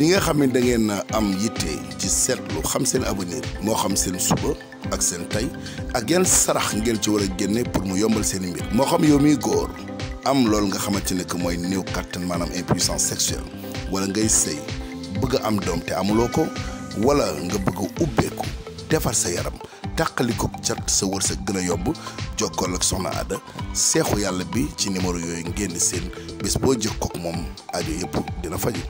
li ñi nga xam ne da ngeen am yitte ci seetlu xam seen avenir moo xam seen suba ak seen tey ak yan sarax ngeen ci war a génne pour mu yombal seen mbir moo xam yow miy góor am loolu nga xamante ne que mooy néew kàttan maanaam impuissance sexuelle wala ngay sëy bëgg am doom te amuloo ko wala nga bëgg a ubbeeku defar sa yaram tàqaliko cat sa wërsëg gën a yomb jokkool ak soxna Ada seexu yàlla bi ci numéro yooyu ngeen seen bés boo jëkkoog moom aajo yëpp dina faju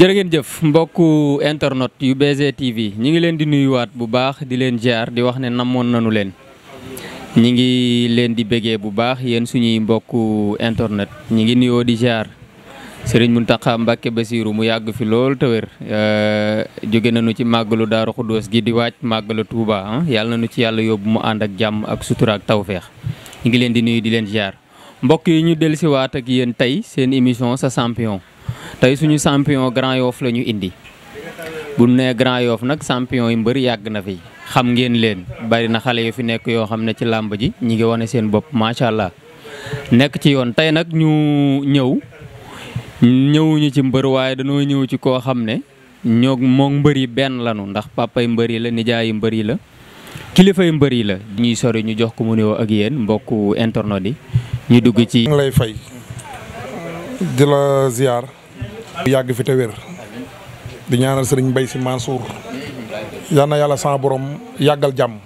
jërë jëf mbokku internet yu UBZ TV ñi ngi leen di nuyuwaat bu baax di leen jaar di wax ne namoon nanu leen ñi ngi leen di bégee bu baax yéen suñuy mbokku internet ñi ngi nuyoo di jaar Serigne Mountakha Mbacké Bassirou mu yàgg fi lool te wér euh, jóge nañu ci màgg màggalu Daaru Xuddoos gi di waaj màggalu Touba ah, yàlla nañu ci yàlla yóbbu mu ànd ak jàmm ak sutura ak tawféex ñi ngi leen di nuyu di leen jaar mbokk yi ñu dellusiwaat ak yéen tey seen émission sa tey suñu champion Grand Yoff la ñu indi bu nee Grand Yoff nag champion yi mbëri yàgg na fi xam ngeen leen bari na xale yu fi nekk yoo xam ne ci làmb ji ñi ngi wane seen bopp macha allah nekk ci yoon tey nag ñu ñëw ñëwuñu ci mbër waaye dañoo ñëw ci koo xam ne ñoo moom mbër yi benn lanu ndax papay mbër yi la nijaayi mbër yi la kilifay mbër yi la ñuy sori ñu jox ko mu nuyoo ak yéen mbokku internet yi ñu dugg ci. lay fay yàgg fi te wér di ñaanal sëriñ Mbaye Sy Mansour yal na yàlla sama borom yàggal jàmm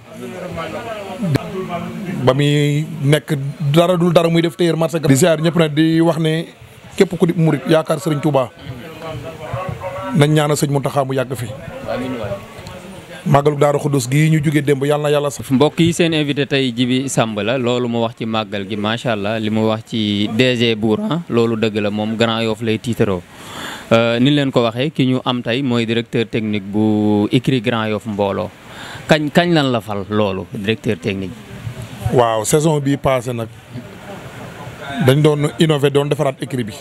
ba muy nekk dara dul dara muy def téyër marché di ziar ñëpp nag di wax ne képp ku di murit yaakaar sëriñ Touba nañ ñaanal sëñ Mountakha mu yàgg fi màggalu Daaru Xuddus gii ñu jóge démb yàlla na yàlla sax. mbokk yi seen invité tey Djiby Samb la loolu mu wax ci màggal gi macha allah li mu wax ci DG Bouran ah, loolu dëgg la moom Grand Yoff lay tiitaroo euh, ni leen ko waxee ki ñu am tey mooy directeur technique bu écrit Grand Yoff mbooloo kañ kañ lan la fal loolu directeur technique. waaw saison bii passé nag dañ doon innové doon defaraat écrit bi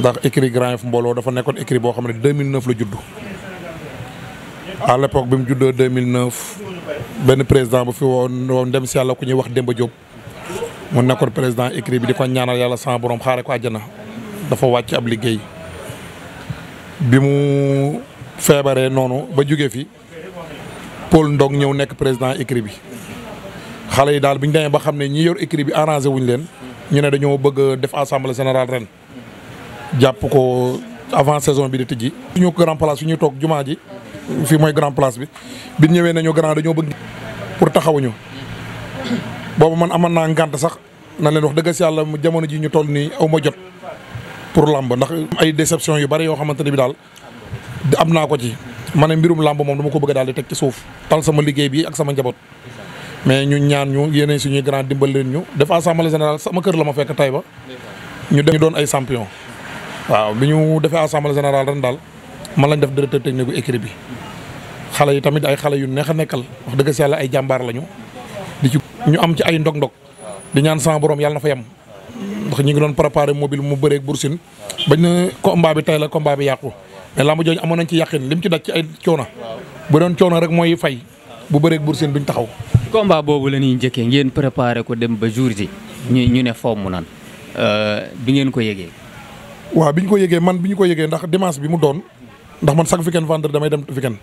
ndax écrit Grand Yoff mbooloo dafa nekkoon écrit boo xam ne 2009 la judd. à l' époque bi mu juddoo 2009 benn président bu fi woon woon dem si yàlla ku ñuy wax Demba Diop mu nekkoon président écrit bi di ko ñaanal yàlla sama borom xaare ko àjjana dafa wàcc ab liggéey bi mu feebaree noonu ba jóge fi Paul Ndong ñëw nekk président écrit bi xale yi daal bi ñu demee ba xam ne ñi yor écrit bi arrangé wuñ leen ñu ne dañoo bëgg def assemblée général ren jàpp ko avant saison bi di tijji. suñu grand place su ñuy toog jumaa ji. fii mooy grand place bi bi ñëwee nañu grand dañoo bëgg pour taxawuñu boobu man amoon naa ngànt sax na leen wax dëgg si yàlla jamono ji ñu toll nii aw ma jot pour làmb ndax ay déception yu bari yoo xamante ne bi daal am naa ko ci ma ne mbirum làmb moom dama ko bëgg daal di teg ci suuf tal sama liggéey bi ak sama njaboot mais ñu ñaan ñu yéenay suñuy grand dimbal leen ñu def assemblée général sama kër la ma fekk tay ba ñu doon ay champion waaw bi ñu defee assemblée générale ren daal man lañ def directeur technique bu écrit bi xale yi tamit ay xale yu neex a nekkal wax dëgg si yàlla ay jàmbaar lañu di ci ñu am ci ay ndog-ndog di ñaan sama borom yàlla na fa yem ndax ñu ngi doon préparé mobile mu bëreeg Boursine bañ na combat bi tay la combat bi yàqu mais lamb jooju amoon nañ ci yàqin lim ci daj ci ay coono bu doon coono rek mooy fay bu bëreeg Boursine duñ taxaw. combat boobu la ni njëkkee ngeen préparé ko dem ba jour ji ñu ñu ne fomm nan euh, bi ngeen ko yëgee. waaw bi ñu ko yëgee man bi ñu ko yëgee ndax dimanche bi mu doon ndax man chaque weekend vendredi damay dem weekend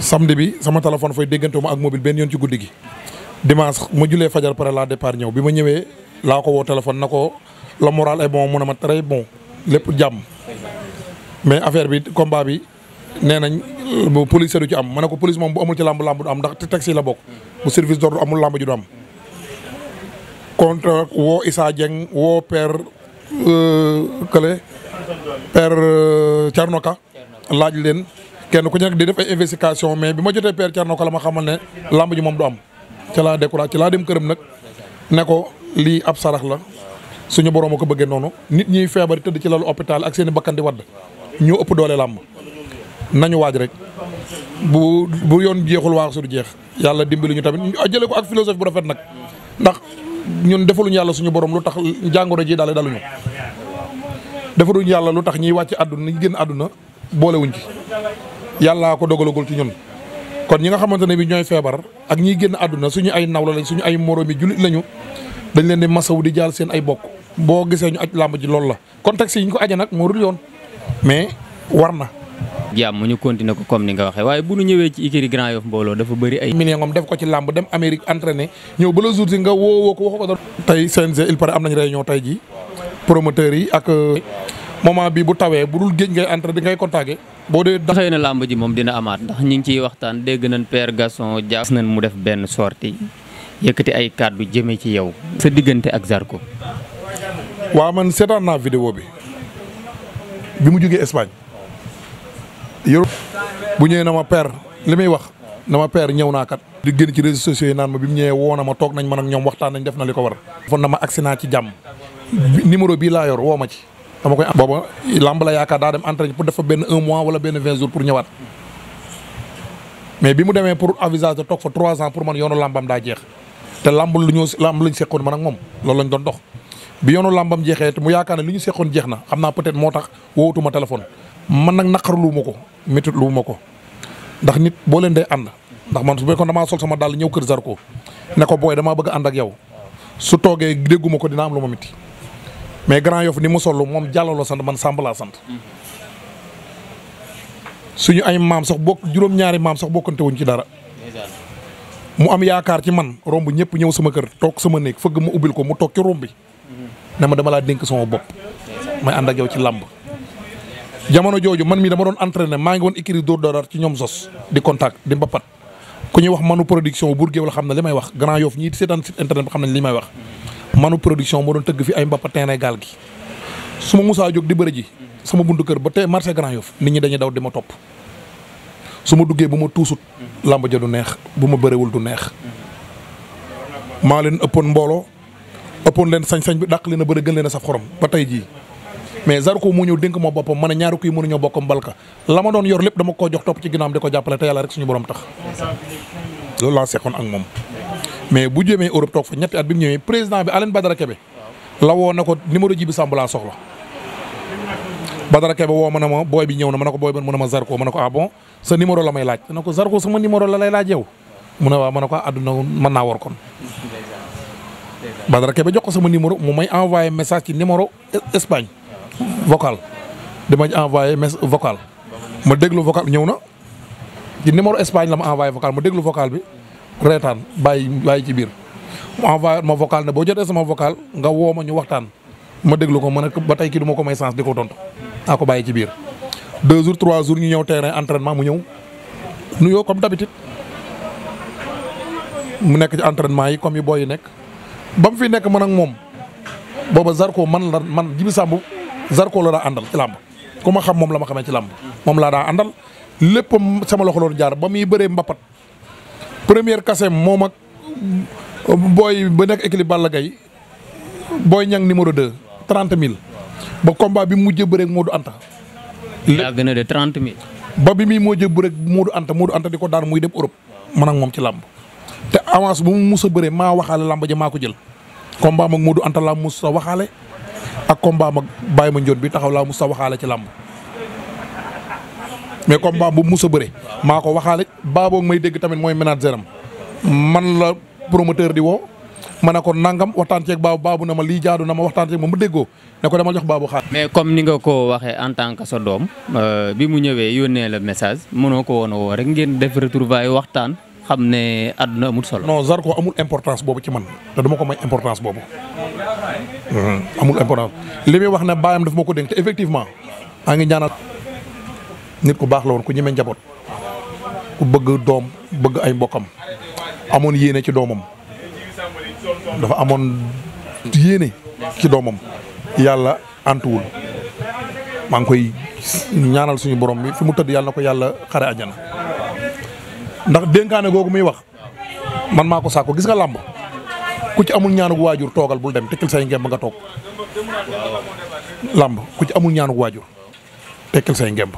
samedi bi sama téléphone fooy déggantoo ma ak mobile benn yoon ci guddi gi dimanche ma julee fajar pare la départ ñëw bi ma ñëwee laa ko woo téléphone na ko la moral est bon mu ma très bon lépp jàmm mais affaire bi combat bi nee nañ bu police du ci am ma ne ko police moom bu amul ci làmb làmb du am ndax te taxi la bokk bu service d'ordre amul làmb ju du am contre Issa Dieng woo père euh, Kële euh, laaj leen kenn ku nekk di def ay investigation mais bi ma jotee Père Thierno ko la ma xamal ne lamb ji moom du am ca laa découragé ci laa dem këram nag ne ko lii ab sarax la suñu borom ko bëggee noonu nit ñiy feebar tëdd ci lalu hôpital ak seen i bakkan di wadd ñu ëpp doole làmb nañu waaj rek bu bu yoon jeexul waa su du jeex yàlla dimbali ñu tamit jëlee ko ak philosophie bu rafet nag ndax ñun defaluñu yàlla suñu borom lu tax jàngoro ji daale daluñu defaluñu yàlla lu tax ñiy wàcc àdduna ñi génn àdduna boolewuñ ci yàllaa ko dogalagul ci ñun. kon ñi nga xamante ne bi ñooy feebar ak ñiy génn àdduna suñu ay nawla lañ suñu ay moroomi jullit lañu dañ leen di masawu di jaal seen ay bokk boo gisee ñu aj làmb ji loolu la contexte yi ñu ko aje nag moo dul yoon mais war na. jàmm ñu continuer ko comme ni nga waxee waaye bu ñu ñëwee ci ikiri Grand Yoff mbooloo dafa bëri ay. million def ko ci làmb dem Amérique entraîné ñëw ba la jour si nga woo ko waxu ko doon. tey CNG il paraît am ji promoteurs yi moment bi bu tawee bu dul géej ngay entré di ngay contacté boo dee. xëy na làmb ji moom dina amaat ndax ñu ngi ciy waxtaan dégg nañ per Gasson Dia. nañ mu def benn sortie yëkkati ay kàddu jëmee ci yow. sa diggante ak ko waaw man seetaan naa vidéo bi bi mu jógee Espagne yor bu ñëwee na ma Père li muy wax na ma Père ñëw naa kat. di génn ci réseaux sociaux yi naan ma bi mu ñëwee woo na ma toog nañ man ak ñoom waxtaan nañ def na li ko war. fon na ma agsi naa ci jàmm numéro bii laa yor woo ma ci. dama koy booba làmb la yaakaar daa dem entraîné pour dafa benn un mois wala benn vingt jours pour ñëwaat mais bi mu demee pour avisage de toog fa trois ans pour man yoonu làmbam daa jeex te làmb lu ñu làmb lañ seqoon man ak moom loolu lañ doon dox bi yoonu làmbam jeexee te mu yaakaar ne lu ñu seqoon jeex na xam naa peut-être moo tax woowutuma téléphone man nag naqarlu ma ko métit lu ma ko ndax nit boo leen day ànd ndax man su fekkoon damaa sol sama dàll ñëw kër Zarko ne ko booy damaa bëgg ànd ak yow su toogee dégguma ko dina am lu ma métti mais Grand Yoff ni mu sollu moom Diallo la sant man Samb laa sant. suñu ay maam sox bokk juróom-ñaari maam sax bokkante wuñ ci dara. mu am yaakaar ci man romb ñëpp ñëw sama kër toog sama néeg fëgg ma ubbil ko mu toog ci romb bi. ne ma dama laa dénk sama bopp. may ànd ak yow ci làmb. jamono jooju man mii dama doon entraîné maa ngi woon écrit dóor dooraat ci ñoom sos di contact di mbapat ku ñuy wax manu production bu Bourgée wala xam na li may wax Grand Yoff ñii di seetaan site internet bi xam nañ may wax. manu production moo doon tëgg fi ay mbappa terrain gaal gi su ma musaa jóg di bëri ji sama buntu kër ba tey marché Grand Yoff nit ñi dañuy daw di ma topp su ma duggee bu ma tuusut làmb ja du neex bu ma bëriwul du neex maa leen ëppoon mbooloo ëppoon leen sañ-sañ bi dàq leen a bëri gën leen a saf xorom ba tey jii mais Zarko mu ñëw dénk ma boppam ma ne ñaari kuy mënuñoo bokkam balka la ma doon yor lépp dama koo jox topp ci ginnaam di ko jàppale te yàlla rek suñu borom tax loolu laa seexoon ak moom mais bu jëmee Europe toog fa ñetti at bi mu ñëwee président bi Alain Badara Kebe la woo ko numéro ji bi Samb laa soxla Badara Kebe woo ma ne ma booy bi ñëw na ma ne ko booy bi mu ne ma Zarko ma ne ko ah bon sa la may laaj na ko Zarko sama numéro la lay laaj yow ne waaw ma ko ah àdduna mën naa war kon. Badara Kebe jox ko sama numéro mu may envoyé message ci numéro Espagne vocal dama envoyé message vocal ma déglu vocal ñëw na ci numéro Espagne la ma envoyé vocal ma déglu vocal bi. reetaan bàyyi bàyyi ci biir mu ma vocal ne boo jotee sama vocal nga woo ma ñu waxtaan ma déglu ko ma ne ba tey kii du ma ko may sens di ko tontu naa bàyyi ci biir. deux jours trois jours ñu ñëw terrain entraînement mu ñëw nuyoo comme d'habitude mu nekk ci entraînement yi comme yu booy nekk ba fi nekk man ak moom booba Zarko man la man Djibi Samb Zarko la daa àndal ci làmb ku ma xam moom la ma xamee ci làmb moom laa daa àndal lépp sama loxo loolu jaar ba muy bëree mbapat. première kasem moom ak booy ba nekk équilibre Balla Gaye booy ñang numéro 2 30 000 ba combat bi mu bëreeg Modou Anta. yaa gën a de 30 000. ba bi muy mujjee bëreeg Modou Anta Modou Anta di ko daan muy dem Europe man moom ci làmb te avance bu mu mus a bëree maa waxaale làmb ja maa ko jël combat mag Modou Anta laa mus a waxaale ak combat mag Baye Ma Ndione bi taxaw laa mus a waxaale ci làmb. mais combat bu mus a bëre maa ko waxaale baaboo may dégg tamit mooy manager am man la promoteur di woo ma ne ko nangam waxtaan ceeg baabu baabu na ma lii jaadu na ma waxtaan ceeg moom mu déggoo ne ko dama jox baabu xaar. mais comme ni nga ko waxee en tant que sa doom euh, bi mu ñëwee yónnee la message mënoo ko woon a woo rek ngeen def retrouvaille waxtaan xam ne àdduna amul solo. no Zarko amul importance boobu ci man te duma ko may importance boobu mhm, amul li muy wax ne baayam daf ma ko dénk effectivement maa ngi ñaanal. nit ku baax la woon ku ñeme njaboot ku bëgg doom bëgg ay mbokkam amoon yéene ci doomam dafa amoon yéene ci doomam yàlla antuwul maa ngi koy ñaanal suñu borom bi fu mu tëdd yàlla ko yàlla xare àjjana ndax dénkaane googu muy wax man maa ko sàkko gis nga làmb ku ci amul ñaanug waajur toogal bul dem tekkil say ngemb nga toog làmb ku ci amul ñaanug waajur tekkil say ngemb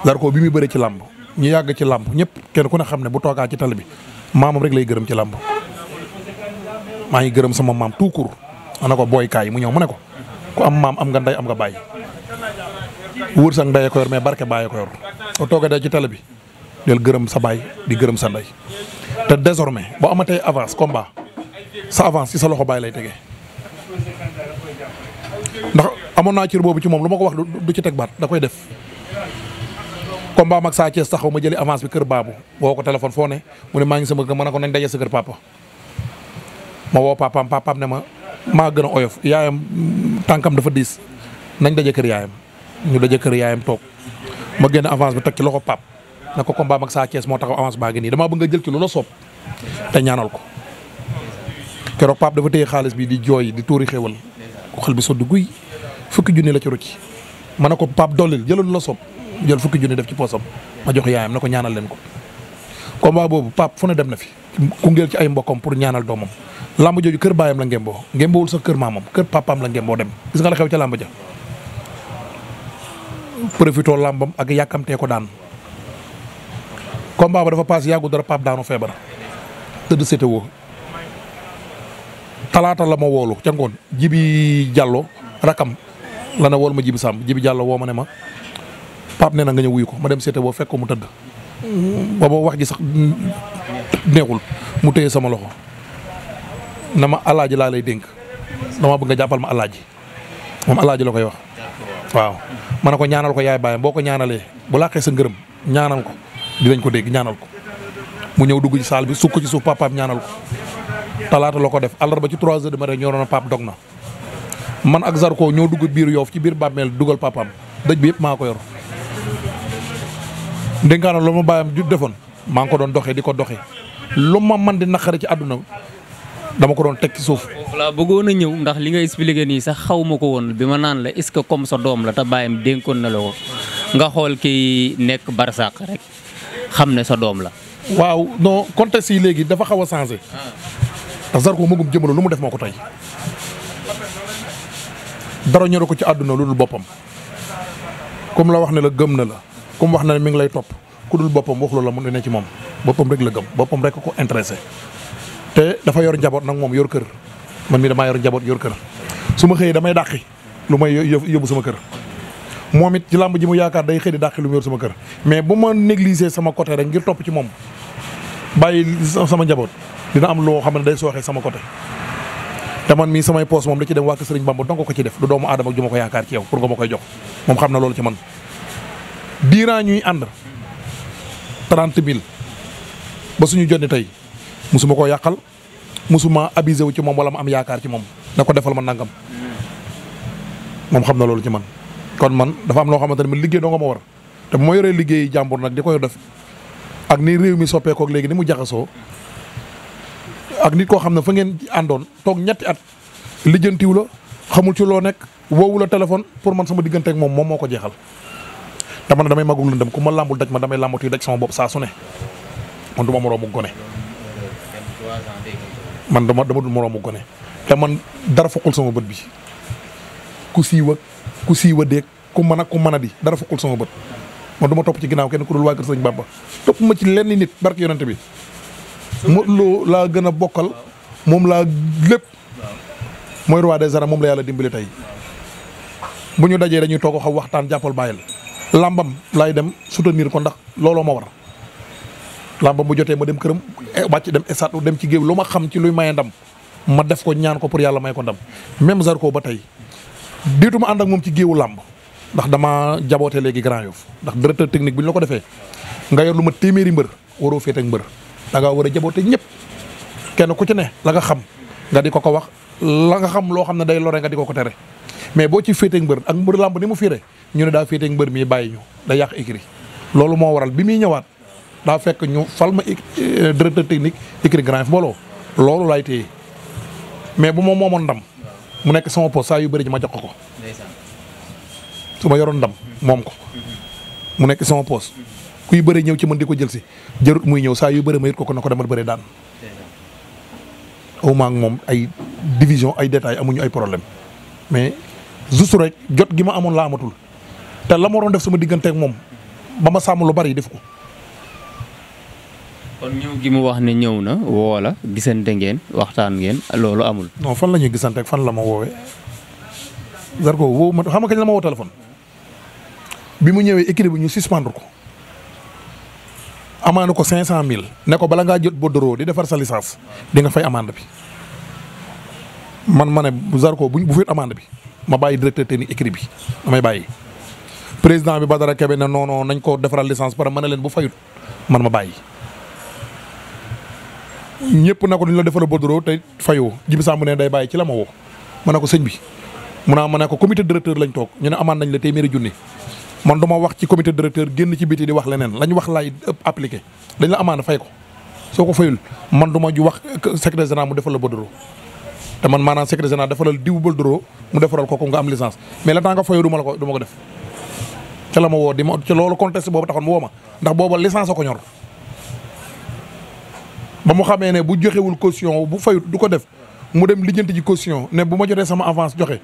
Zarko bi muy bëre ci làmb ñu yàgg ci làmb ñëpp kenn ku ne xam ne bu toogaa ci tali bi maamam rek lay gërëm ci làmb maa ngi gërëm sama maam tout court ana ko booykaay mu ñëw mu ne ko ku am maam am nga nday am nga bàyyi wër sax ndey ko mais barke bàyyi ko yor soo toogee day ci tali bi del gërëm sa baay di gërëm sa ndey te désormais boo amatee avance combat sa avance ci sa loxo baay lay tege ndax amoon naa cër boobu ci moom lu ma ko wax du ci teg da koy def combat mag Sa Thiès ma jëli avance bi kër baabu woo ko téléphone foo ne mu ne maa ngi sama kër ma ko nañ daje sa kër papa ma woo papaam ne ma maa gën a oyof yaayam mm, tànkam dafa diis nañ daje kër yaayam ñu daje kër yaayam toog ma génn avance bi teg ci loxo pap na ko combat mag Sa Thiès moo tax avance baa ngi nii dama bëgg nga jël ci lu la soob te ñaanal ko keroog pap dafa téye xaalis bi di jooy di tuuri xéwal xel bi sotti guy fukki junni la ma ne ko pap dollil jëlal la soob jël fukki junni def ci poosam ma jox yaayam na ko ñaanal leen ko combat boobu pap fu ne dem na fi Koungheul ci ay mbokkam pour ñaanal doomam lamb jooju kër baayam la ngemboo ngembowul sax kër maamam kër papaam la ngemboo dem gis nga la xew ca lamb ja profitoo lambam ak yàkkamtee ko daan combat ba dafa paas yàggu dara pap daanu feebar tëdd sétéwoo talaata la ma woolu ca ngoon jibi jàllo rakam la ne woolu ma jibi sàmm jibi jàllo woo ma ne ma Pape nee na nga ñëw wuyu ko ma dem seete boo fekk ko mu wax ji sax neexul mu téye sama loxo na ma laa lay dénk dama bëgg nga jàppal ma alaaji moom alaaji la koy wax. waaw ma ne ko ñaanal ko yaay baayam boo ko ñaanalee bu laaxee sa ngërëm ñaanal ko dinañ ko dégg ñaanal ko mu ñëw dugg ci saal bi sukk ci suuf papaam ñaanal ko talaata la ko def àllarba ci 3 heures du matin ñoo doon pap dog na man ak Zarko ñoo dugg biir yoof ci biir bàmmeel dugal papaam dëj bi yëpp maa ko yor. ndénkaanam lu ma baayam ju defoon maa ngi ko doon doxee di ko doxee lu ma man di naqari ci àdduna dama ko doon teg ci suuf. voilà bëggoon a ñëw ndax li nga expliqué nii sax xaw ma ko woon bi ma naan la est-ce que comme sa doom la te bàyyam dénkoon na la ko nga xool kii nekk barsàq rek xam ne sa doom la. waaw non contexte yi léegi dafa xaw a changé. Ah. ndax Zarko magum jëmale lu mu def moo ko tey dara ñoro ko ci àdduna lu dul boppam comme la wax ne la gëm na la. comme wax na mi ngi lay topp ku dul boppam waxuloo la mun ne ci moom boppam rek la gëm boppam rek ko intéressé te dafa yor njaboot nag moom yor kër man mi damaa yor njaboot yor kër su ma xëyee damay dàqi lu may yóbbu sama kër moom it ci làmb ji mu yaakaar day xëy di dàqi lu mu yor sama kër mais bu ma négliger sama côté rek ngir topp ci moom bàyyi sama njaboot dina am loo xam ne day sooxee sama côté te man mii samay poos moom da ci dem wàkk Sëriñ Bamba donc ko ci def du doomu aadama ju ko yaakaar ci pour nga ma koy jox moom xam na loolu ci man diiraa ñuy ànd trente mille ba suñu jonni tey musuma koo yàqal musuma abusé wu ci moom wala mu am yaakaar ci moom na ko defal ma nangam moom xam na loolu ci man kon man dafa am loo xamante ne liggéey doo nga ma te bu liggéey jàmbur nag di koy def ak ni réew mi soppeekook léegi ni mu jaxasoo ak nit koo xam ne fa ngeen àndoon toog ñetti at lijjantiw la xamul ci loo nekk woowu la téléphone pour man sama diggante moom moom moo ko jeexal te man damay magum lëndëm ku ma làmbul daj ma damay làmbatu daj sama bopp saa su ne man du ma moroomu gone man dama dama dul moroomu gone te man dara foqul sama bët bi ku siiwa ku siiwa déeg ku mën a ku mën a di dara foqul sama bët man du topp ci ginnaaw kenn ku dul waa kër sëñ Bamba topp ma ci lenn nit barke yonente bi Modou laa gën a bokkal moom laa lépp mooy roi des arènes moom la yàlla dimbali tey bu ñu dajee dañuy toog xaw waxtaan jàppal bàyyil làmbam laay dem soutenir ko ndax looloo ma war làmbam bu jotee ma dem këram eh, wàcc dem esat dem ci géew lu ma xam ci luy maye ndam ma def ko ñaan ko pour yàlla may ko ndam même ko ba tey diituma ànd ak moom ci géewu làmb ndax dama jaboote léegi Grand Yoff ndax directeur technique bu ñu ko defee nga yor lu ma téeméeri mbër waroo féet ak mbër da ngaa war a jaboote ñëpp kenn ku ci ne la nga xam nga di ko ko wax la nga xam loo xam ne day lore nga di ko ko mais boo ci féeteeg mbër ak mbër làmb ni mu firee ñu ne daa féeteeg mbër mii bàyyi ñu da yàq écrit loolu moo waral bi muy ñëwaat daa fekk ñu fal ma euh, directeur technique écrit grand mbooloo loolu laay téye mais bu ma moomoon ndam mu nekk sama saa yu bëri ji ma jox ko su ma yoroon ndam moom mu nekk sama poste kuy bëri ñëw ci mën di ko jël si jarut muy ñëw saa yu bëri ma ko na ko demal bëri daan au moom ay division ay détails amuñu ay problème juste rek jot gi ma amoon laa amatul te la ma waroon def sama digganteeg moom ba ma sàmm lu bari def ko. kon ñëw gi mu wax ne ñëw na woo la gisante ngeen waxtaan ngeen loolu amul. non fan la ñuy gisanteeg fan la ma woowee Zarko woowu ma xam nga kañ la ma woo téléphone bi mu ñëwee équilibre ñu suspendre ko. amande ko cinq cent mille ne ko bala ngaa jot bordereau di defar sa licence di nga fay amande bi man ma ne Zarko bu bu fit bi. ma bàyyi directeur technique écrit bi damay bàyyi. président bi ba Badara Kebe ne non non nañ ko defaral licence pare mën na leen bu fayut man ma bàyyi. ñëpp na ko dañ la defal bordereau te fayoo Jibi Samb ne day bàyyi ci la ma woo ma ne ko sëñ bi mu naa ma ne ko comité directeur lañ toog ñu ne amaan nañ la téeméeri junni man du ma wax ci comité directeur génn ci biti di wax leneen lañ wax laay appliqué dañ la amaan fay ko soo ko fayul man du ma ju wax secrétaire général mu defal la bordereau te man maanaam secrétaire général defaral diw bal doro mu defaral ko ko nga am licence mais la temps nga fayoo du la ko du ma ko def ca la ma woo di ma ci loolu contexte boobu taxoon mu woo ndax booba licence a ko ñor ba mu xamee ne bu joxewul caution bu fayut du ko def mu dem lijjanti ji caution ne bu ma jotee sama avance joxe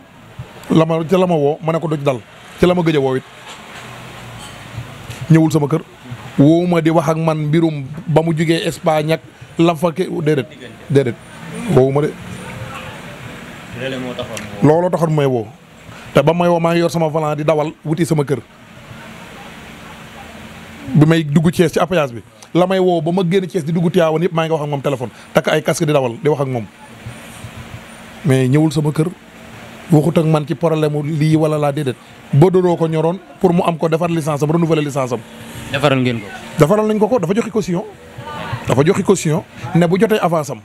la ma ca ma woo ma ne ko du dal ca la ma gëj a woo ñëwul sama kër woowu di wax ak man mbirum ba mu jigee Espagne ak lam fa déedéet déedéet woowu ma looloo taxoon may woo te ba may wo maa ngi yor sama volant di dawal wuti sama kër bi may dugg Thiès ci appayage bi la may woo ba ma génn Thiès di dugg Tivaouane yëpp maa ngi wax ak moom téléphone takk ay casque di dawal di wax ak moom mais ñëwul sama kër waxut ak man ci problème lii wala laa déedéet ba doroo ko ñoroon pour mu am ko defar licence am renouveler licence am. defaral ngeen ko. defaral nañ ko ko dafa joxe caution dafa joxe caution ne bu jotee avance am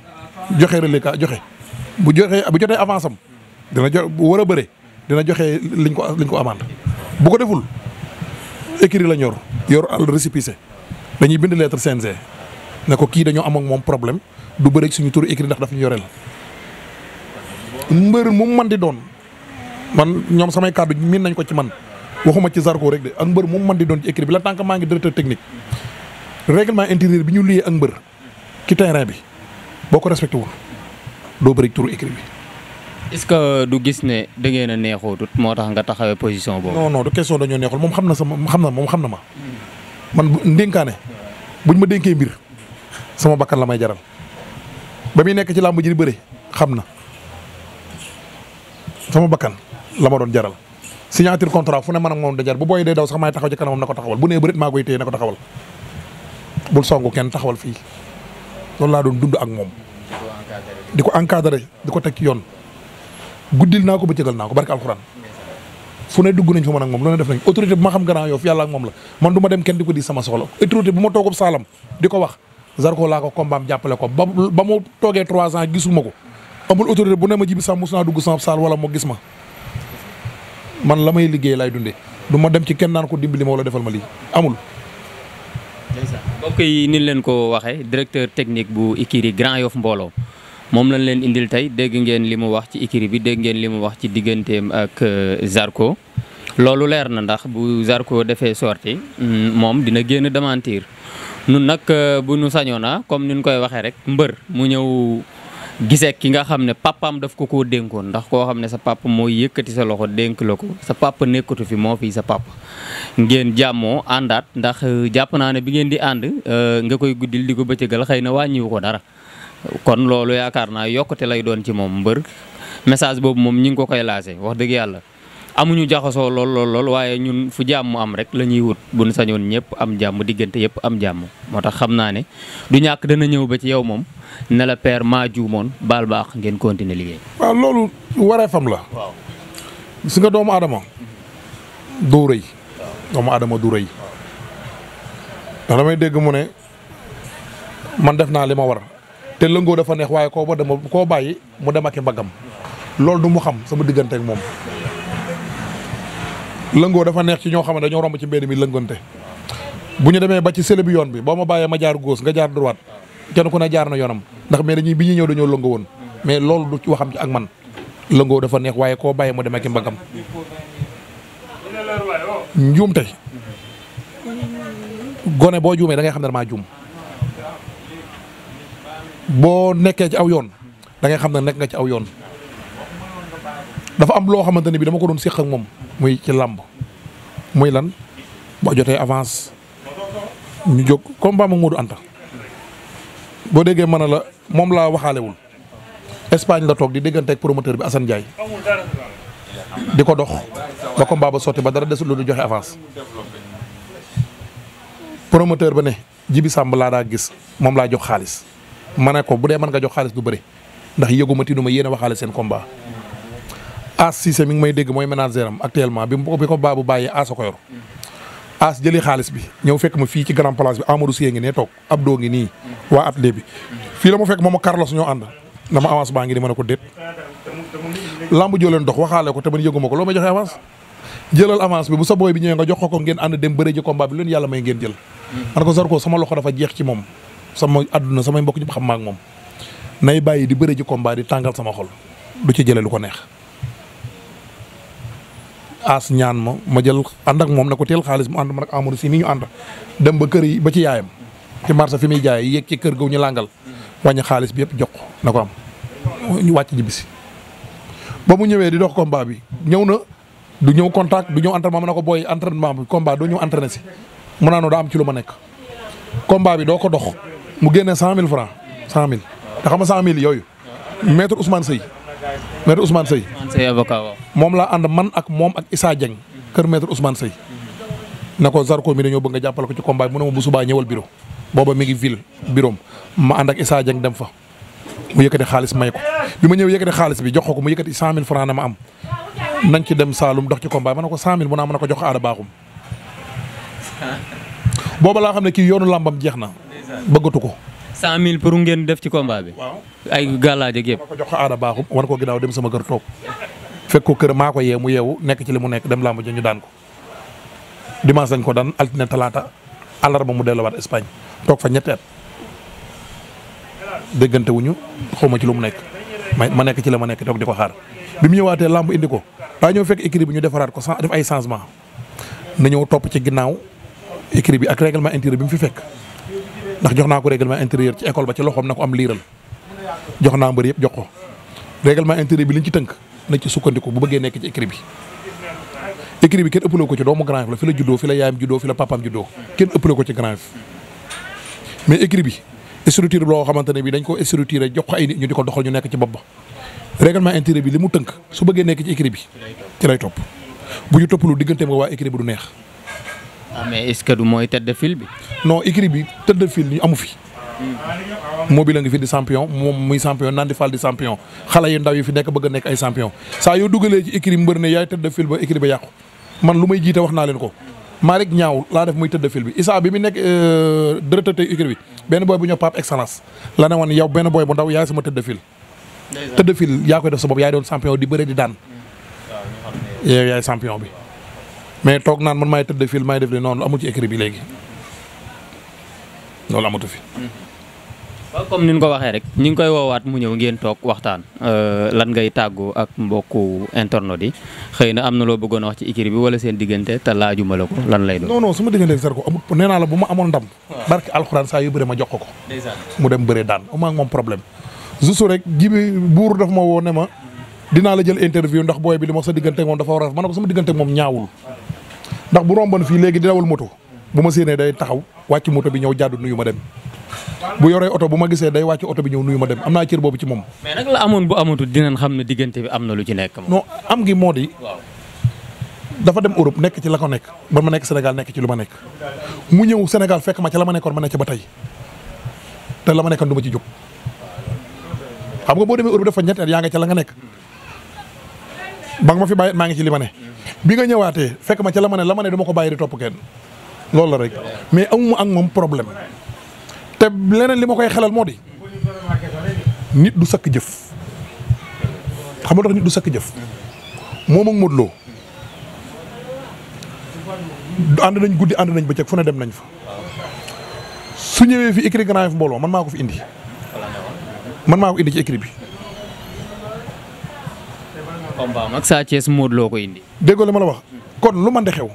joxe reliquat joxe. bu joxee bu jotee avance am dina jo bu war a bëre dina joxe liñ ko liñ ko amande bu ko deful écrit la ñor yor al récépissé dañuy bind lettre CNG ne ko kii dañoo am moom problème du bëreeg suñu tur écrit ndax daf ñu yoreel mbër mu man di doon man ñoom samay kàddu miin nañ ko ci man waxuma ci Zarko rek de ak mbër mu man di doon ci écrit bi la tant maa ngi directeur technique règlement intérieur bi ñu liyee ak mbër ci terrain bi boo ko respecté wul doo bëri turu écrit bi. est-ce que du gis ne da ngeen a moo tax nga taxawee position boobu. non non du question dañoo neexul moom xam na sama xam na moom xam na ma. man ndénkaane buñ ma dénkee mbir sama bakkan la may jaral ba muy nekk ci làmb ji di bëre xam na sama bakkan la ma doon jaral. signature contrat fu ne man ak moom da jar bu booy dee daw sax maay taxaw ci kanamam na ko taxawal bu nee bërit maa koy téye na ko taxawal bul songu kenn taxawal fii loolu laa doon dund ak moom. di ko encadré di ko teg ci yoon guddil naa ko ba bëccëgal naa ko barke alxuraan fu ne dugg nañ fa man ak moom lu ne def nañ autorité bu ma xam Grand Yoff yàlla ak moom la man du ma dem kenn di ko di sama soxla autorité bu ma toogub saalam di ko wax Zarko laa ko jàppale ko ba ba mu toogee trois ans gisuma ko amul autorité bu ne ma jibi sax mos naa dugg sama saal wala moo gis ma man la may liggéey laay dundee du ma dem ci kenn naan ko dimbali ma wala defal ma lii amul mbokk yi ni leen ko waxee directeur technique bu Ikiri Grand Yoff mbooloo moom lañ leen indil tey dégg ngeen li mu wax ci écurie bi dégg ngeen mu wax ci digganteem ak euh, Zarko loolu leer na ndax bu Zarko defee sortie mm, moom dina génn démentir nun nag euh, bu nu sañoona comme ni ñu koy waxee rek mbër mu ñëw gisee ki nga xam ne papaam daf ko ko dénkoon ndax koo xam ne sa papa moo yëkkati sa loxo dénk la ko sa papa nekkatu fi moo fi sa papa ngeen jàmmoo àndaat ndax euh, jàpp naa ne bi ngeen di ànd nga koy guddil di ko bëccëgal xëy na wàññiwu ko dara kon loolu yaakaar naa yokkute lay doon ci moom mbër message boobu moom ñi ngi ko koy laase wax dëgg yàlla amuñu jaxasoo lool lool waaye ñun fu jàmm am rek la ñuy wut bu ñu sañoon ñëpp am jàmm diggante yëpp am jàmm moo tax xam naa ne du ñàkk dana ñëw ba ci yow moom ne la per maa juumoon baal baax ngeen continuer liggéey. loolu loolu wareefam la. waaw nga doomu adama doo rëy. doomu aadama du rëy. ndax damay dégg mu ne man def naa li ma war. te lëngoo dafa neex waaye koo ba dama koo bàyyi mu dem ak i loolu du mu xam sama diggante ak moom lëngoo dafa neex ci ñoo xam ne dañoo romb ci mbedd mi lëngoonte bu ñu demee ba ci sële bi yoon bi boo ma bàyyee ma jaar gauche nga jaar droite kenn ku ne jaar na yoonam ndax mais dañuy bi ñu ñëw dañoo lëngoo woon mais loolu du waxam ci ak man lëngoo dafa neex waaye koo bàyyi mu dem ak i mbaggam gone boo juumee da ngay xam ne damaa juum boo nekkee ci aw yoon da ngay xam ne nekk nga ci aw yoon dafa am loo xamante ne bi dama ko doon séq moom muy ci làmb muy lan ba jotee avance ñu jóg combat ma Modou boo déggee mën a la moom laa waxaalewul Espagne la toog di dégganteeg promoteur bi Assane Ndiaye di ko dox ba combat ba sotti ba dara desul lu du joxe avance promoteur ba ne Jibi Samb laa daa gis moom laa jox xaalis ma ne ko bu dee man nga jox xaalis du bëri ndax yëguma ti du ma yéen a waxaale seen komba As Cissé mi ngi may dégg mooy manager am actuellement bi bi ko baabu bàyyee As a ko yor As bi ñëw fekk ma ci grand bi Amadou ngi ne toog Abdou ngi nii waa atelier fii la ma fekk moom ak Carlos ñoo ànd dama avance baa ngi di mën a ko déet lamb joo leen dox waxaale ko te man yëguma ko loo may joxe avance jëlal avance bi bu sa booy bi ñëwee nga jox ko ko ngeen ànd dem bëre ji combat bi leen yàlla may jël man ko Zarko sama loxo dafa jeex ci moom sama àdduna sama mbokk ñëpp xam maak moom nay bàyyi di bëre ji combat di tàngal sama xol du ci jëlee lu ko neex. as ñaan ma ma jël ànd ak moom ne ko teel xaalis mu ànd ma ak Amadou si mi ñu ànd dem ba kër yi ba ci yaayam ci marché muy jaay yéeg kër gaw ñu làngal wàññi xaalis bi yëpp jox na ko am ñu wàcc ji bisi ba mu ñëwee di dox combat bi ñëw na du ñëw contact du ñëw entraînement ma na ko booy entraînement bi combat doo ñëw si mu naanoo daa am ci lu ma nekk combat bi doo ko dox mu génne cent mille franc cent mille te xam nga cent mille yooyu maître Ousmane Seye maître Ousmane Seye moom laa ànd man ak moom ak Issa Dieng kër maître Ousmane Seye na ko Zarko mi dañoo bëgg nga jàppale ko ci combat bi mu ne ma bu subaa ñëwal biro booba mi ngi ville bureau ma ànd ak Issa Dieng dem fa mu yëkkati xaalis may ko bi ma ñëw yëkkati xaalis bi jox ko mu yëkkati cent mille franc na ma am nañ ci dem Saalum dox ci combat ma ne ko cent mille mu naa mën a ko jox aada baaxum booba laa xam ne kii yoonu làmbam jeex na bëggatu ko. 100000 pour ngeen def ci combat bi. waaw ay gàllaaj ak yëpp. ma ko jox ko aada baaxum wan fekk ko kër ko yee mu yeewu nekk ci li mu nekk dem làmb ja ñu daan ko. dimanche lañ ko daan altine talaata àllarba mu delluwaat Espagne toog fa ñetti at déggante wuñu xaw ma ci lu mu nekk ma nekk ci la ma nekk toog di ko xaar bi ko daa ñëw fekk écrit bi ñu defaraat ay changement na ñëw topp ci ginnaaw écrit ak règlement intérieur bi mu fi fekk. ndax jox naa ko règlement intérieur ci école ba ci loxoom na ko am liiral jox naa mbër yëpp jox ko règlement intérieur bi liñ ci tënk na ci sukkandiku bu bëggee nekk ci écrit bi écrit bi kenn ëppale ko ci doomu Grand Yoff la fi la juddoo fi la yaayam juddoo fi la papaam juddoo kenn ëppale ko ci Grand Yoff mais écrit bi structure loo xamante ne bi dañ ko structuré jox ko ay nit ñu di ko doxal ñu nekk ci bopp ba règlement intérieur bi li mu tënk su bëggee nekk ci écrit bi ci lay topp bu ñu topp lu diggante nga waa écrit du neex Ah, mais est-ce que du mooy tête de file bi. non écrit bi tête de file ñu amu fi. mobile la nga fi di champion moom muy champion naan di fal di champion xale yu ndaw yi fi nekk bëgg a nekk ay champion saa yoo dugalee ci écrit mbër ne yaay tête de file ba écrit ba yàqu man lu may jiite wax naa leen ko. maa rek ñaaw laa def muy tëdd fil bi Issa bi mu nekk euh, directeur tey écurie bi benn booy bu ñëw Pape Excellence la ne woon yow benn booy bu ndaw yaay sama tëdd fil. tëdd fil yaa koy def sa bopp yaay doon champion di bëre di daan. yow yaay champion bi. mais toog naan man maay tëdd fil maay def li noonu amul ci fi. Mm-hmm. waaw comme ni ko waxee rek ñu ngi koy woowaat mu ñëw ngeen toog waxtaan euh, lan ngay tàggu ak mbokku internautes yi xëy na am na loo bëggoon a wax ci écrit bi wala seen diggante te laajuma la ko lan lay doon. non non sama diggante ak Zarko amul nee la bu ma amoon ndam. barke alxuraan saa yu bëre ma jox ko ko. mu dem bëre daan am ak moom problème. juste rek jibi buur daf ma woo ne ma dinaa la jël interview ndax booy bi li ma sa diggante moom dafa war a ma ne moom ñaawul. ndax bu romboon fii léegi di dawal moto bu ma séenee day taxaw wàcc moto bi ñëw jàddu nuyu ma dem bu yoree oto bu ma gisee day wàcc oto bi ñëw nuyu ma dem am naa cër boobu ci moom. mais amoon bu amatul dinañ xam ne diggante bi am na lu ci nekk. non am gi moo di. dafa dem Europe nekk ci la ko nekk ba ma nekk Sénégal nekk ci lu ma nekk mu ñëw Sénégal fekk ma ca la ma nekkoon ma nekk ca ba tey te la ma nekkoon ci jóg xam nga boo demee Europe dafa ñetti at yaa ngi ca la nga nekk ba nga ma fi bàyyi maa ngi ci li ma ne. bi nga ñëwaatee fekk ma ca la ma ne la ma ko bàyyi di topp kenn loolu la rek mais amuma ak moom problème te leneen li ma koy xelal moo di nit du sakk jëf xam nga tax nit du sakk jëf moom ak Modou Lo ànd nañ guddi ànd nañ bëccëg fu ne dem nañ fa su ñëwee fi écrit grand ma man maa ko fi indi man maa indi ci écrit bi combat am ak Sa Thiès Modou Lo ko indi. déggoo li ma la wax kon lu man di xew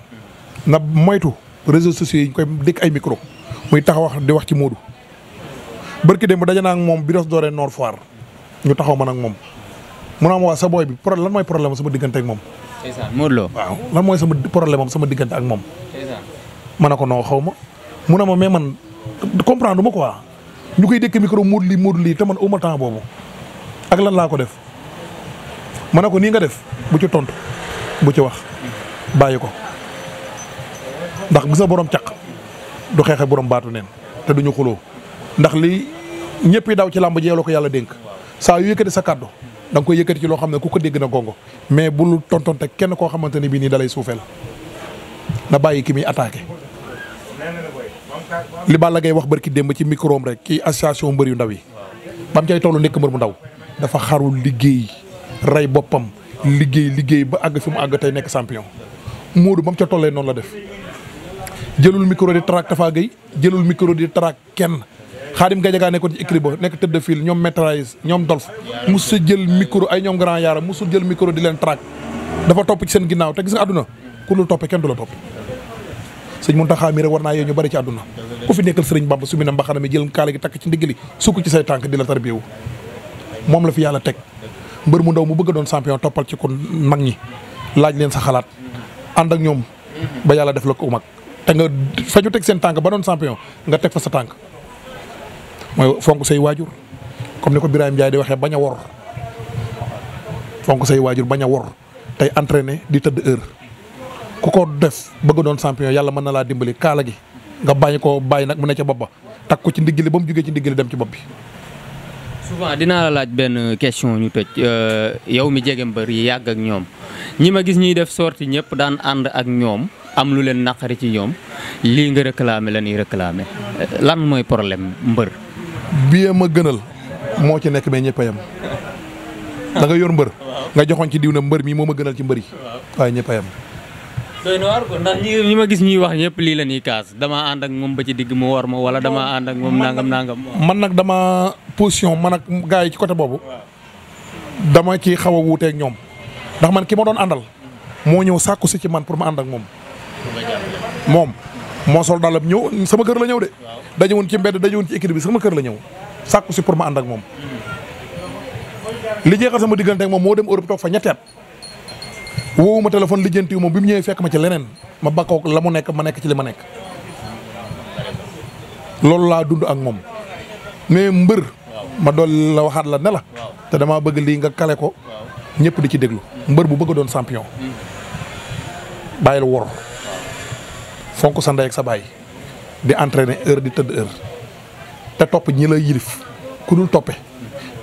na moytu réseaux sociaux yi ñu koy dëkk ay micro muy tax wax di wax ci Modou barki dem bu daje naa moom Biros Doré Nord Foire ñu taxaw man ak moom mu naa ma waa sa booy bi problème lan mooy problème sama diggante ak moom. ndeysaan Modou Lo waaw lan sama problème sama diggante ak moom. ma ne ko non xaw ma mu ne ma mais man comprendre ma quoi ñu koy dëkk micro Modou lii Modou lii te man au temps boobu ak lan laa ko def. ma ne ko nii nga def bu ci tontu bu ci wax bàyyi ko ndax gis nga borom caq du xeexe borom baatu neen te duñu xuloo ndax li ñëpp daw ci làmb jeeloo ko yàlla dénk saa yu yëkkati sa kàddu da koy yëkkati ci loo xam ne ku ko dégg na gongo mais bu bul tontonte kenn koo xamante ne bii nii dalay suufeel na bàyyi ki muy attaqué li Balla Gaye wax barki démb ci micro rek ci association mbër yu ndaw yi bam cay tollu nekk mbër mu ndaw dafa xarul liggéey rey boppam liggéey liggéey ba àgg fi mu àgg tey nekk champion. Modou ba mu ca tollee noonu la def jëlul micro di traak Tafa Gueye jëlul micro di traak kenn Khadim Gadiaga nekkoon ci écrit ba nekk tëdd fil ñoom maîtrise ñoom dolf musu jël micro ay ñoom grand yaara musu jël micro di leen traak dafa topp ci seen ginnaaw te gis nga àdduna ku kenn du la topp. sëñ Muntaxa mi rek war naa yee ñu ci àdduna ku fi nekkal sëriñ Bamba su mi na mbaxana mi jël kaala gi takk ci ndigg li sukk ci say tànk di la tarbiyewu moom la fi yàlla teg mbër mu ndaw mu bëgg doon champion toppal ci kon mag ñi laaj leen sa xalaat ànd ak ñoom ba yàlla def la ko mag te nga fa teg seen tànk ba doon champion nga teg fa sa tànk mooy fonk say waajur comme ni ko Birahim Ndiaye di waxee bañ a wor fonk waajur bañ a wor tey entraîné di tëdd heure ku ko def bëgg doon champion yàlla mën na laa dimbali kaala gi nga bàyyi koo bàyyi nag mu ne ca bopp ba takk ko ci ndigg li ba mu jugee ci ndigg li dem ci bopp bi. souvent dinaa la laaj benn question ñu toj euh, yow mi jege mbër yi yàgg ak ñoom ñi ma gis ñuy def sorti ñëpp daan ànd ak ñoom am lu leen naqari ci ñoom lii nga réclamé la ñuy réclamé euh, lan mooy problème mbër. bi ma gënal moo ci nekk mais ñëpp a yem nga yor mbër. nga joxoon ci diw na mbër mi moo ma gënal ci mbër yi waaye ñëpp doy na waar ñi ma gis ñuy wax ñëpp lii la ni kaas damaa ànd moom ba ci digg mu war ma wala damaa ànd ak moom nangam nangam. man nag dama position man ak gaa yi ci côté boobu. dama ci xaw a wuuteeg ñoom ndax man ki ma doon àndal. moo ñëw sàkku si ci man ma ànd ak moom. moom moo sol dalam ñëw sama kër la ñëw de. daje ci mbedd daje ci équipe bi sama kër la ñëw sàkku si pour ma ànd ak moom. Hmm. li jeexal sama digganteeg moom moo dem Europe toog fa ñetti at woowu ma téléphone lijjantiwu moom bi mu ñëwee fekk ma ci leneen ma bakkoog la mu nekk ma nekk ci li ma nekk loolu laa dund ak moom mais mbër ma dool la waxaat la nela te damaa bëgg lii nga kale ko ñëpp di ci déglu mbër bu bëgg a doon champion bàyyil wor fonk sa ndey sa baay di entraîner heure di tëdd heure te topp ñi la yilif ku dul toppe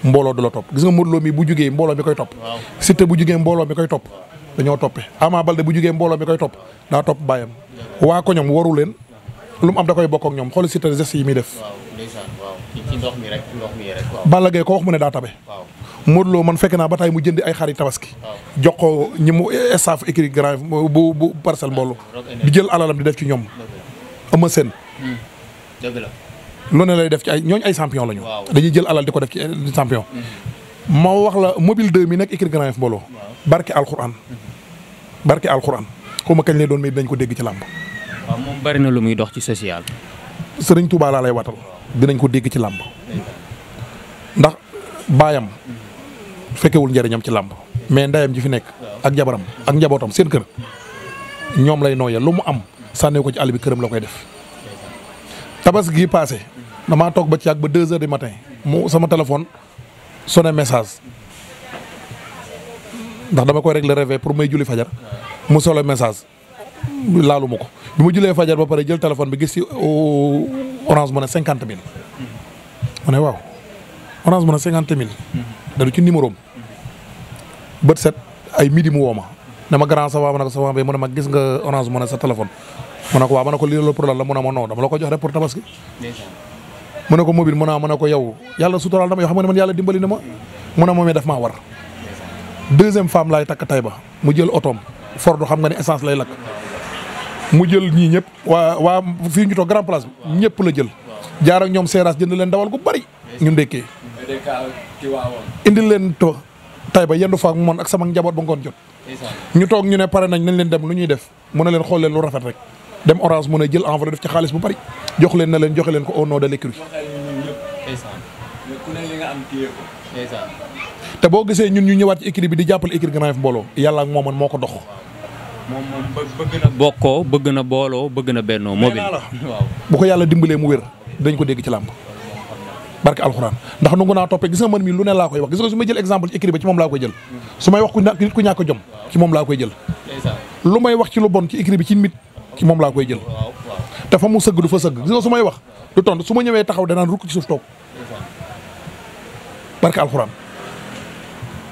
mbooloo du la topp gis nga Modou Lo mi bu jugee mbooloo mi koy topp Siteu bu jugee mbooloo mi koy topp dañoo toppe Ama Baldé bu jugee mbooloo mi koy topp daa topp bàyyam waa ko ñoom waru leen lu am da koy bokk ak ñoom xool si te geste yi def. Balla Gaye ko wax mu ne daa tabe Modou Lo man fekk naa ba tey mu jënd ay xari tabaski jox ko ñi mu staff écrit grand bu bu parcelle mboolu di jël alalam di def ci ñoom ama seen lu ne lay def ci ay ñooñu ay champion la ñu dañuy jël alal di ko def ci champion ma wax la mobile 2 mi nekk écrit grand mbooloo barke alxuraan barke alxuraan xaw ma kañ lay doon mais dinañ ko dégg ci làmb. bari na lu muy dox ci social. sëriñ Touba laa dinañ ko dégg ci làmb ndax baayam fekkewul njëriñam ci làmb mais ndeyam ji fi nekk ak jabaram ak njabootam seen kër ñoom lay nooya lu mu am sànni ko ci àll bi këram la koy def tabas gi passé damaa toog ba ci yàgg ba deux heures du matin mu sama téléphone sonné message ndax dama koy régler réveil pour may julli fajar mu solo message laalu ma ko bi ma jullee fajar ba pare jël téléphone bi gis si euh, orange mu ne cinquante mille ma ne waaw orange mu ne cinquante mille dañu ci numéro am bët set ay midi mu woo ma ne ma grand savant ma ne ko ne ma gis nga orange mu ne sa téléphone ma ne ko waaw ma ne ko lii la problème la mu ne ma non dama la ko jox rek pour tabaski mu ne ko mobile mu ne ma ne ko yow yàlla suturaal dama yoo xam nga yàlla dimbali na ma mu ne moomee daf deuxième femme laay takk tay ba mu jël otoom Fordo xam nga ne essence lay lakk mu jël ñii ñëpp waa waa fii ñu toog grand place bi ñëpp la jël jaar ak ñoom seeraas jënd leen dawal gu bari ñu ndekkee indi leen to tay ba yendu faak moon ak sama njaboot ba ngoon jot ñu toog ñu ne pare nañ nañ leen dem lu ñuy def mu ne leen xool leen lu rafet rek dem orange mu ne jël enveloppe def ci xaalis bu bari jox leen na leen joxe leen ko au nom de l'écurie te boo gisee ñun ñu ñëwaat ci écurie bi di jàppale écurie Grand Yoff mbooloo yàlla ak mooman moo ko dox. moom moom bëgg na bokkoo bëgg na booloo bëgg na bennoo moo bi waaw bu ko yàlla dimbalee mu wér dañ ko dégg ci làmb barke alxuraan ndax nangu naa toppee gis nga man mii lu ne laa koy wax gis nga su may jël exemple ci écurie ba ci moom laa koy jël su ñàkk jom ci moom laa koy jël lu may wax ci lu bon ci écurie bi ci nit ci moom laa koy jël te fa mu sëgg du fa sëgg gis nga su may wax lu tont su ma ñëwee taxaw danaan rukk ci suuf toog barke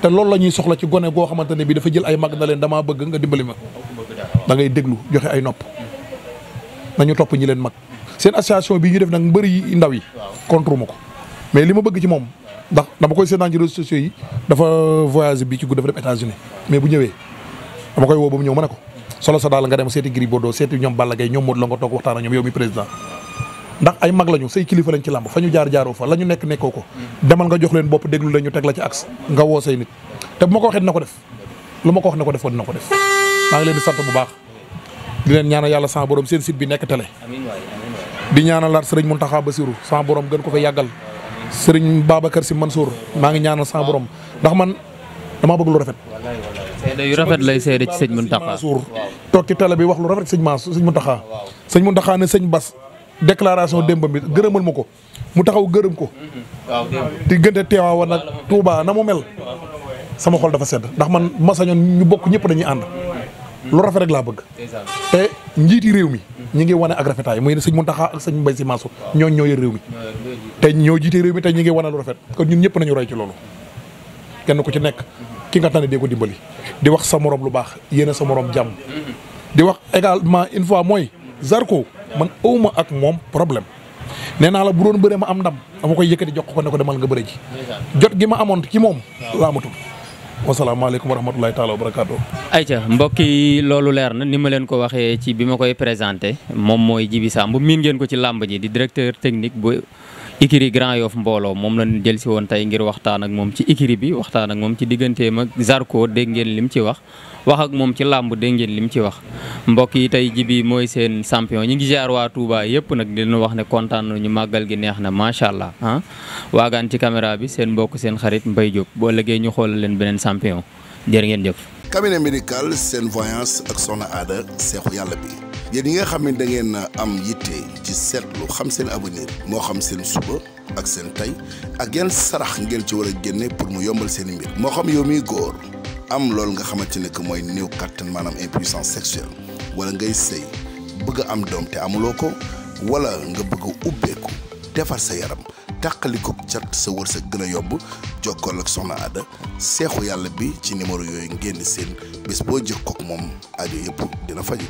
te loolu la ñuy soxla ci gone goo xamante ne bi dafa jël ay mag na leen damaa bëgg nga dimbali ma da ngay déglu joxe ay nopp nañu topp ñi leen mag seen association bi ñu def nag mbër yi ndaw yi contre mu ko mais li ma bëgg ci moom ndax dama koy seetaan ci réseaux sociaux yi dafa voyage bi ci guddi dafa dem États-Unis mais bu ñëwee dama koy woo ba mu ñëw ma ne ko solo sa daal nga dem seeti Gris Bordeaux seeti ñoom Balla Gaye ñoom Modou Lo nga président ndax ay mag lañu say kilifa lañ ci làmb fa ñu jaar jaaro fa la ñu nekk nekkoo ko demal nga jox leen bopp déglu leen ñu teg la ci axe nga woo say nit te bu ma ko waxee dina ko def lu ma ko wax na ko def ko ko def maa ngi leen di sant bu baax di leen ñaanal yàlla sama borom seen site bi nekk télé di ñaanalaat sëriñ Mountakha Bassirou sama borom gën ko fa yàggal sëriñ Babacar Sy Mansour maa ngi ñaanal sama borom ndax man dama bëgg lu rafet. seede yu rafet lay seede ci sëñ Mountakha. toog ci télé bi wax lu rafet sëñ Mansour sëñ Mountakha sëñ Mountakha ne déclaration démbam bi gërëmal ma ko mu taxaw gërëm ko di diggante Tiwaawan nag Touba na mu mel sama xol dafa sedd ndax man ma sañoon ñu bokk ñëpp dañuy ànd lu rafet rek laa bëgg te njiiti réew mi ñi ngi wane ak rafetaay muy sëñ Muntaxa ak sëñ Mbay Si Mansour ñoo ñoo yor réew mi te ñëw jiite réew mi te ñi ngi wane lu rafet kon ñun ñëpp nañu roy ci loolu kenn ku ci nekk ki nga tane dee ko dimbali di wax sa morom lu baax yéene sa morom jàmm mm-hmm. di wax également une fois mooy Zarko man awma ak moom problème nee naa la bu doon bëree ma am ndam dama koy yëkkati jox ko ne ko demal nga bëre ji. jot gi ma amoon ci moom. waaw laamatul. wasalaamaaleykum wa rahmatulahi taala wa barakaatu. ayca mbokk yi loolu leer na ni ma leen ko waxee ci bi ma koy présenté moom mooy Djiby Samb miin ngeen ko ci làmb ji di directeur technique bu Ikiri Grand Yoff mbooloo moom la ñu jël si woon tey ngir waxtaan ak moom ci Ikiri bi waxtaan ak moom ci digganteem ak Zarko dégg ngeen lim ci wax. wax ak moom ci làmb dégg ngeen li mu ci wax mbokk yi tey ji bi mooy seen champion ñu ngi ziar waa Touba yëpp nag di leen wax ne kontaan nañu màggal gi neex na macha allah ah waagaan ci caméra bi seen mbokk seen xarit mbay Diop boo leggee ñu xoolal leen beneen champion jërë ngeen jëf. cabinet médical seen voyance ak soxna aada seexu yàlla bi yéen yi nga xam ne da ngeen am yitte ci seetlu xam seen avenir moo xam seen suba. ak seen tey ak yan sarax ngeen ci war a pour mu yombal seen am loolu nga xamante ne que mooy néew kàttan maanaam impuissance sexuelle wala ngay sëy bëgg a am doom te amuloo ko wala nga bëgg a ubbeeku defar sa yaram tàqali ko cat sa wërsëg gën a yomb jokkool ak soxna Ada seexu yàlla bi ci numéro yooyu ngeen seen bés boo jëkkoog moom aajo yëpp dina faju